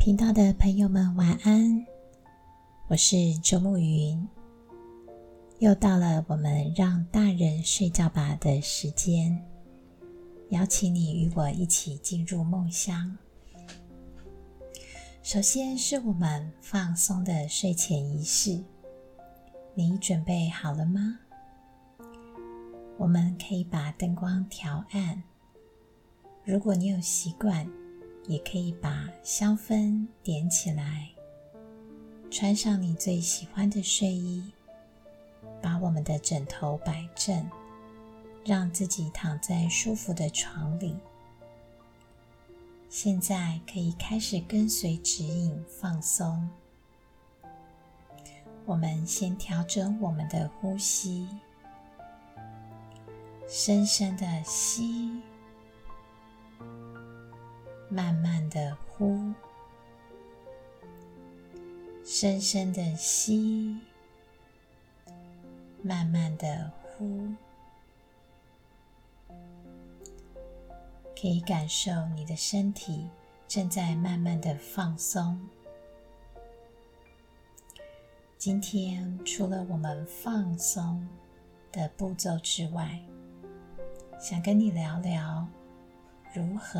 頻道的朋友們，晚安！我是周沐昀，又到了我們讓大人睡覺吧的時間，邀請你與我一起進入夢鄉。首先是我們放鬆的睡前儀式，你準備好了嗎？我們可以把燈光調暗，如果你有習慣。也可以把香氛點起來，穿上你最喜歡的睡衣，把我們的枕頭擺正，讓自己躺在舒服的床裡。現在可以開始跟隨指引，放鬆。我們先調整我們的呼吸，深深的吸。慢慢的呼，深深的吸，慢慢的呼，可以感受你的身體正在慢慢的放鬆。今天除了我們放鬆的步驟之外，想跟你聊聊如何。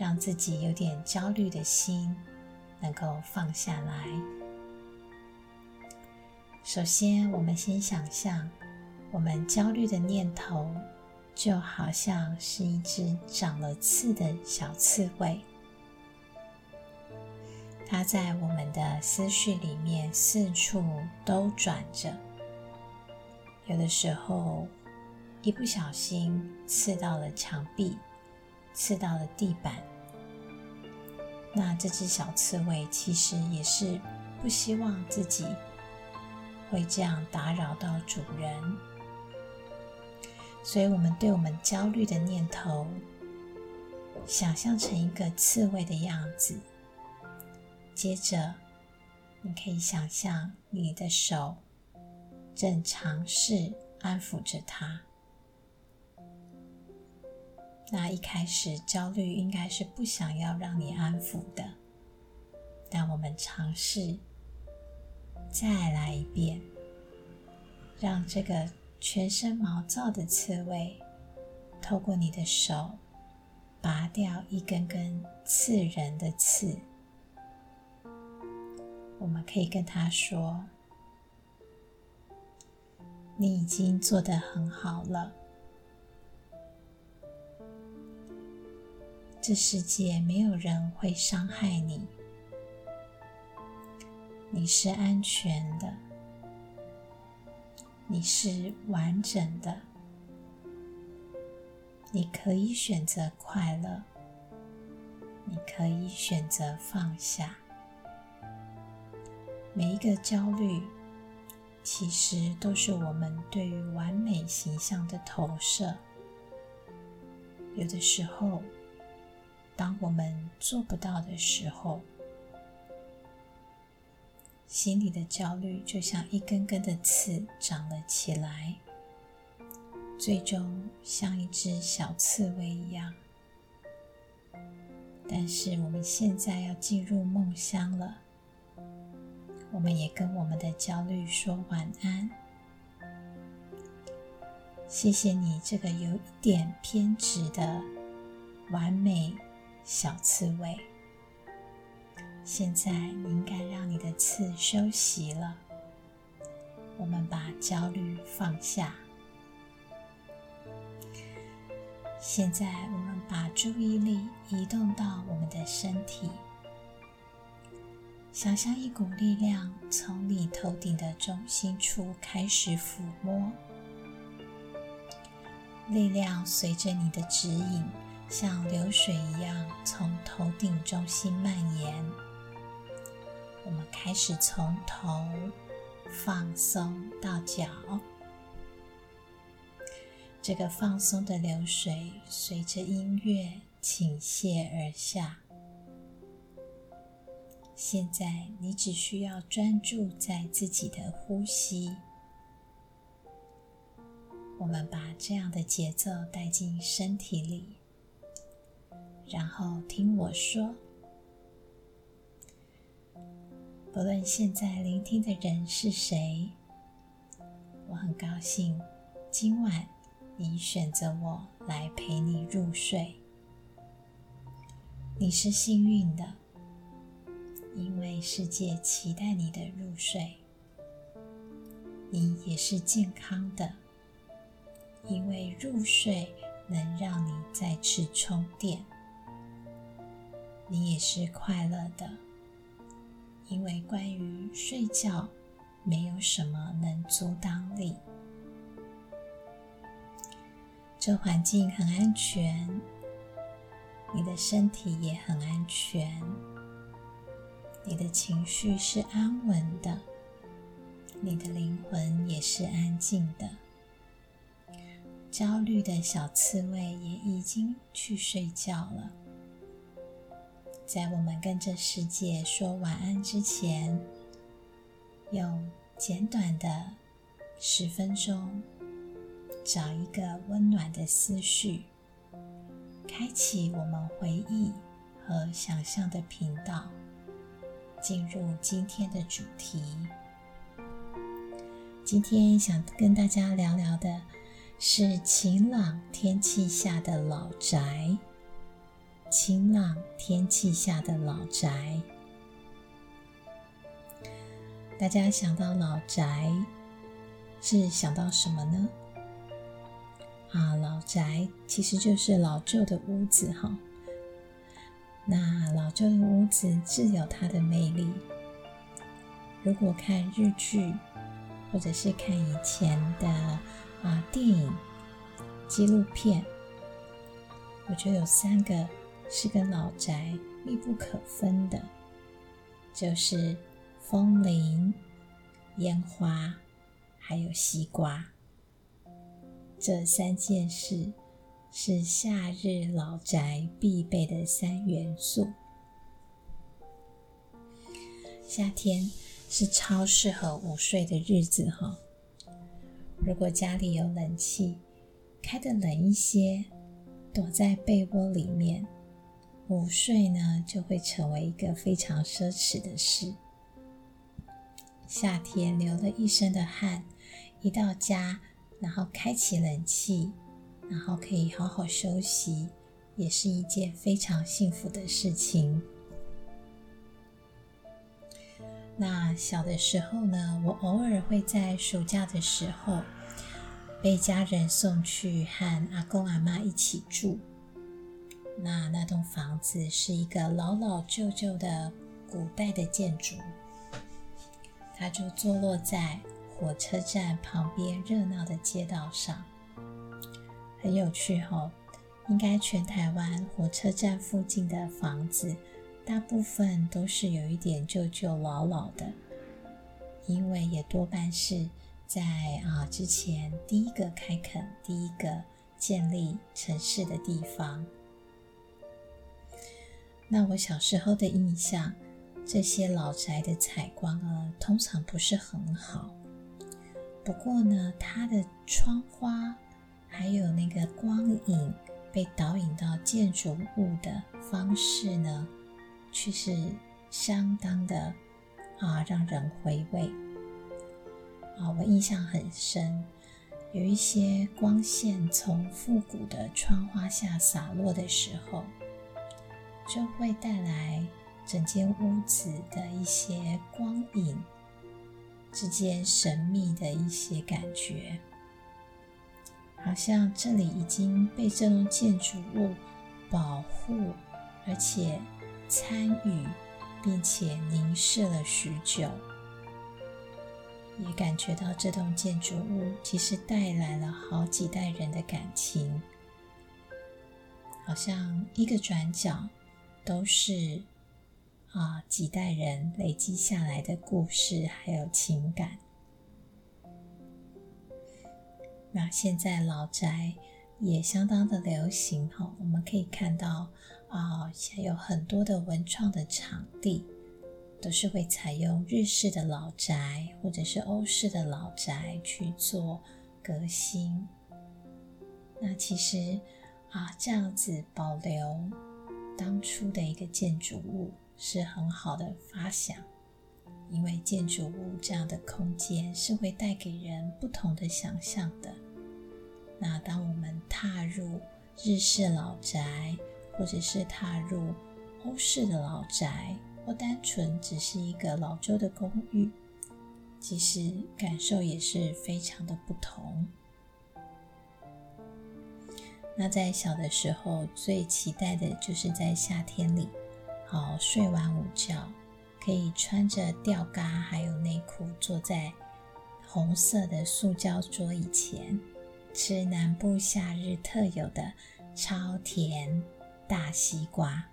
讓自己有點焦慮的心能夠放下來。首先，我們先想象，我們焦慮的念頭就好像是一只長了刺的小刺蝟，它在我們的思緒裡面四處兜轉着。有的時候，一不小心刺到了牆壁，刺到了地板。那這隻小刺蝟其實也是不希望自己會這樣打擾到主人，所以我們對我們焦慮的念頭，想象成一個刺蝟的樣子。接着，你可以想象你的手正嘗試安撫着它。那一開始焦慮應該是不想要讓你安撫的，但我們嘗試再來一遍，讓這個全身毛躁的刺蝟，透過你的手拔掉一根根刺人的刺。我們可以跟他說：“你已經做得很好了。”這世界沒有人會傷害你，你是安全的，你是完整的，你可以選擇快樂，你可以選擇放下。每一個焦慮，其實都是我們對於完美形象的投射，有的時候。當我們做不到的時候，心裡的焦慮就像一根根的刺長了起來，最終像一隻小刺蝟一樣。但是我們現在要進入夢鄉了，我們也跟我們的焦慮說晚安。謝謝你，這個有一點偏執的完美。小刺蝟，現在應該讓你的刺休息了。我們把焦慮放下。現在，我們把注意力移動到我們的身體，想象一股力量從你頭頂的中心處開始撫摸，力量隨着你的指引。像流水一樣從頭頂中心蔓延，我們開始從頭放鬆到腳。這個放鬆的流水隨着音樂傾瀉而下。現在你只需要專注在自己的呼吸。我們把這樣的節奏帶進身體裡。然後聽我說，不論現在聆聽的人是誰，我很高興今晚你選擇我來陪你入睡。你是幸運的，因為世界期待你的入睡。你也是健康的，因為入睡能讓你再次充電。你也是快樂的，因為關於睡覺，沒有什麼能阻擋你。這環境很安全，你的身體也很安全，你的情緒是安穩的，你的靈魂也是安靜的。焦慮的小刺蝟也已經去睡覺了。在我們跟這世界說晚安之前，用簡短的十分鐘，找一個溫暖的思緒，開啟我們回憶和想象的頻道，進入今天的主題。今天想跟大家聊聊的是晴朗天氣下的老宅。晴朗天氣下的老宅，大家想到老宅是想到什麼呢？啊，老宅其實就是老舊的屋子哈、哦。那老舊的屋子自有它的魅力。如果看日劇，或者是看以前的啊電影、紀錄片，我覺得有三個。是跟老宅密不可分的，就是風鈴、煙花，還有西瓜。這三件事是夏日老宅必備的三元素。夏天是超適合午睡的日子哈。如果家裡有冷氣，開得冷一些，躲在被窩裡面。午睡呢，就會成為一個非常奢侈的事。夏天流了一身的汗，一到家，然後開啟冷氣，然後可以好好休息，也是一件非常幸福的事情。那小的時候呢，我偶爾會在暑假的時候，被家人送去和阿公阿媽一起住。那那棟房子是一個老老舊舊的古代的建築，它就坐落在火車站旁邊熱鬧的街道上，很有趣哦。應該全台灣火車站附近的房子，大部分都是有一點舊舊老老的，因為也多半是在啊之前第一個開墾、第一個建立城市的地方。那我小時候的印象，這些老宅的採光啊，通常不是很好。不過呢，它的窗花還有那個光影被導引到建築物的方式呢，卻是相當的啊，讓人回味。啊，我印象很深，有一些光線從復古的窗花下灑落的時候，就會帶來整間屋子的一些光影之間神秘的一些感覺，好像這裡已經被這棟建築物保護，而且參與，並且凝視了許久，也感覺到這棟建築物其實帶來了好幾代人的感情，好像一個轉角。都是啊幾代人累積下來的故事，還有情感。那現在老宅也相當的流行哈，我們可以看到啊，現在有很多的文創的場地，都是會採用日式的老宅或者是歐式的老宅去做革新。那其實啊，這樣子保留。當初的一個建築物是很好的發想，因為建築物這樣的空間是會帶給人不同的想象的。那當我們踏入日式老宅，或者是踏入歐式的老宅，或單純只是一個老舊的公寓，其實感受也是非常的不同。那在小的時候，最期待的就是在夏天裡，好，睡完午覺，可以穿着吊嘎還有內褲，坐在紅色的塑膠桌椅前，吃南部夏日特有的超甜大西瓜。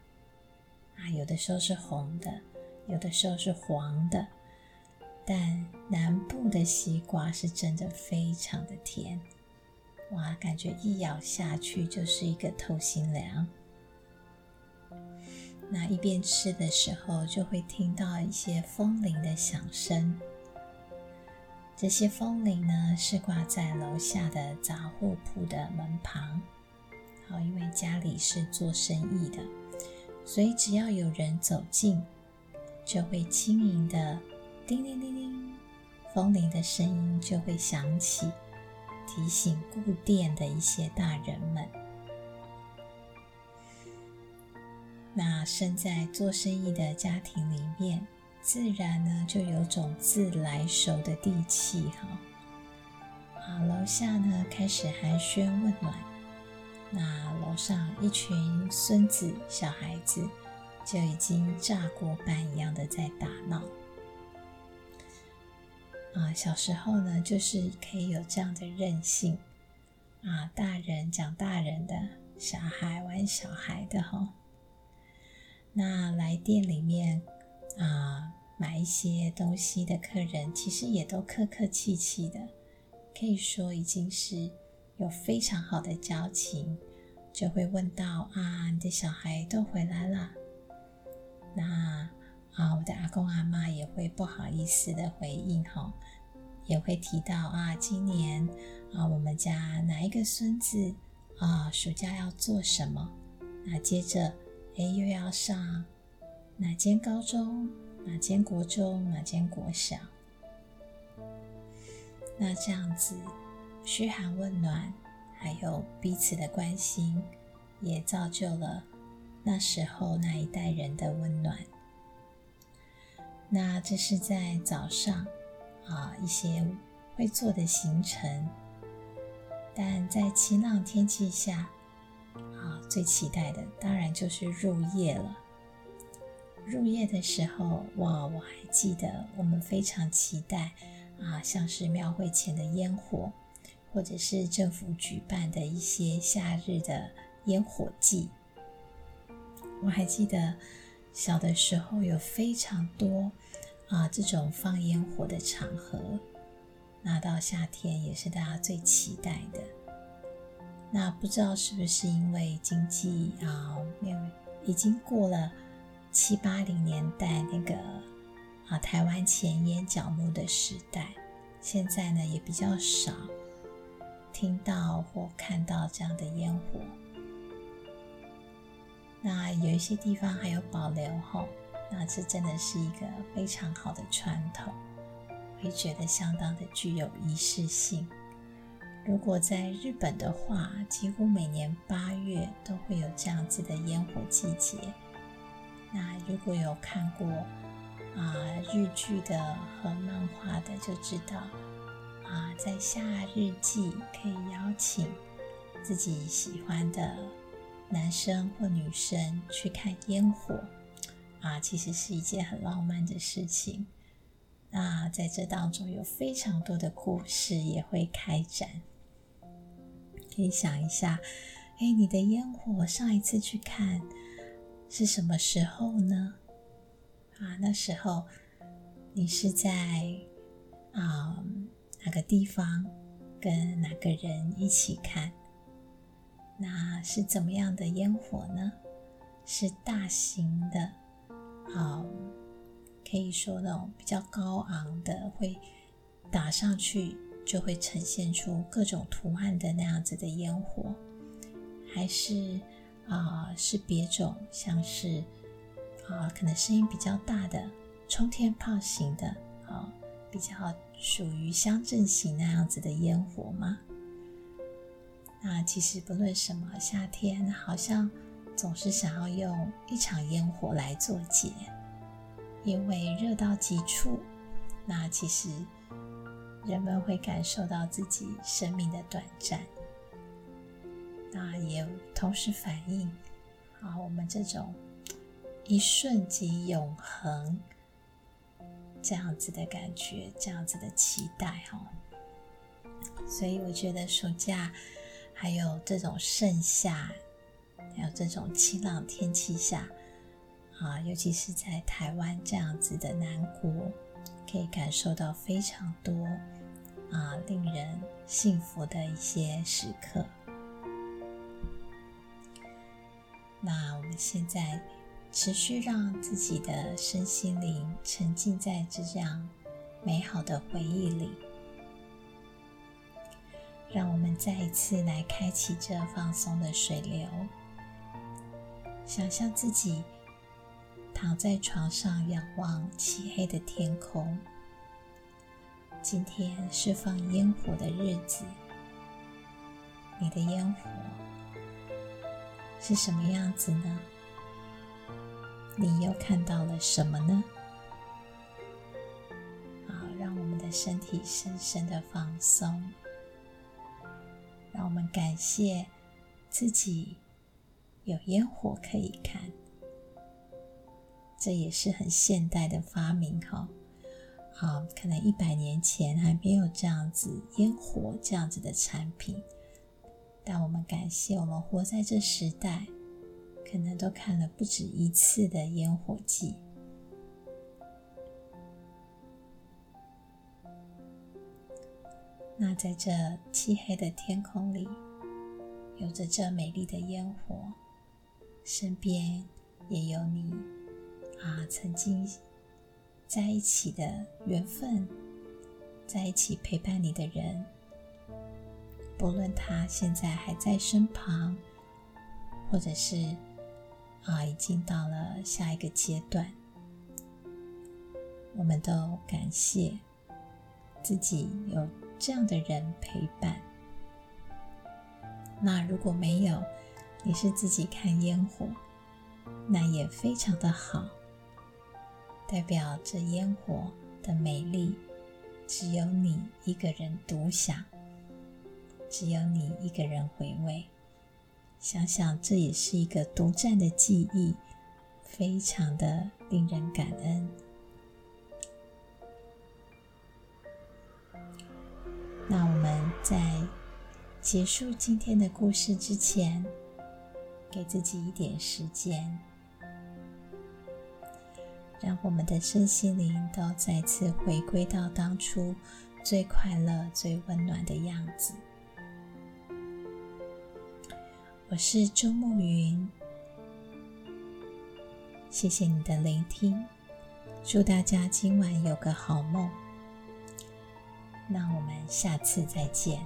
啊，有的時候是紅的，有的時候是黃的，但南部的西瓜是真的非常的甜。哇，感覺一咬下去就是一個透心涼。那一邊吃的時候，就會聽到一些風鈴的響聲。這些風鈴呢，是掛在樓下的雜貨鋪的門旁。好，因為家裡是做生意的，所以只要有人走近，就會輕盈的叮叮叮叮，風鈴的聲音就會響起。提醒顧店的一些大人們。那生在做生意的家庭裡面，自然呢就有種自來熟的地氣哈。好，樓下呢開始寒暄問暖，那樓上一群孫子小孩子就已經炸鍋般一樣的在打鬧。啊，小時候呢，就是可以有這樣的任性啊，大人講大人的，小孩玩小孩的吼、哦。那來店裡面啊，買一些東西的客人，其實也都客客氣氣的，可以說已經是有非常好的交情，就會問到啊，你的小孩都回來了。那。啊，我的阿公阿媽也會不好意思的回應哈，也會提到啊，今年啊，我們家哪一個孫子啊，暑假要做什麼？那、啊、接着，哎，又要上哪間高中、哪間國中、哪間國小？那這樣子噓寒問暖，還有彼此的關心，也造就了那時候那一代人的溫暖。那這是在早上啊，一些會做的行程。但在晴朗天氣下，啊，最期待的當然就是入夜了。入夜的時候，哇，我還記得我們非常期待啊，像是廟會前的煙火，或者是政府舉辦的一些夏日的煙火祭。我還記得。小的時候有非常多啊這種放煙火的場合，那到夏天也是大家最期待的。那不知道是不是因為經濟啊，因為已經過了七八零年代那個啊台灣錢淹腳目的時代，現在呢也比較少聽到或看到這樣的煙火。那有一些地方還有保留吼，那這真的是一個非常好的傳統，會覺得相當的具有儀式性。如果在日本的話，幾乎每年八月都會有這樣子的煙火季節。那如果有看過啊日劇的和漫畫的，就知道啊在夏日祭可以邀請自己喜歡的。男生或女生去看煙火啊，其實是一件很浪漫的事情。啊，在這當中有非常多的故事也會開展。可以想一下，哎、欸，你的煙火上一次去看是什麼時候呢？啊，那時候你是在啊哪個地方跟哪個人一起看？那是怎麼樣的煙火呢？是大型的，啊、呃，可以說那種比較高昂的，會打上去就會呈現出各種圖案的那樣子的煙火，還是啊、呃、是別種，像是啊、呃、可能聲音比較大的沖天炮型的，啊、呃、比較屬於鄉鎮型那樣子的煙火嗎？那其實不論什麼夏天，好像總是想要用一場煙火來做結，因為熱到極處，那其實人們會感受到自己生命的短暫，那也同時反映，啊，我們這種一瞬即永恆，這樣子的感覺，這樣子的期待哈、哦，所以我覺得暑假。還有這種盛夏，還有這種晴朗天氣下，啊，尤其是在台灣這樣子的南國，可以感受到非常多啊令人幸福的一些時刻。那我們現在持續讓自己的身心靈沉浸在這樣美好的回憶裡。讓我們再一次來開啟這放鬆的水流。想象自己躺在床上，仰望漆黑的天空。今天是放煙火的日子，你的煙火是什麼樣子呢？你又看到了什麼呢？好，讓我們的身體深深的放鬆。讓我們感謝自己有煙火可以看，這也是很現代的發明哈、哦。啊，可能一百年前還沒有這樣子煙火這樣子的產品，但我們感謝我們活在這時代，可能都看了不止一次的煙火季。那在這漆黑的天空裡，有着這美麗的煙火，身邊也有你啊，曾經在一起的緣分，在一起陪伴你的人，不論他現在還在身旁，或者是啊，已經到了下一個階段，我們都感謝自己有。這樣的人陪伴。那如果沒有，你是自己看煙火，那也非常的好。代表這煙火的美麗，只有你一個人獨享，只有你一個人回味。想想這也是一個獨佔的記憶，非常的令人感恩。那我們在結束今天的故事之前，給自己一點時間，讓我們的身心靈都再次回歸到當初最快樂、最溫暖的樣子。我是周沐昀，謝謝你的聆聽，祝大家今晚有個好夢。那我們下次再見。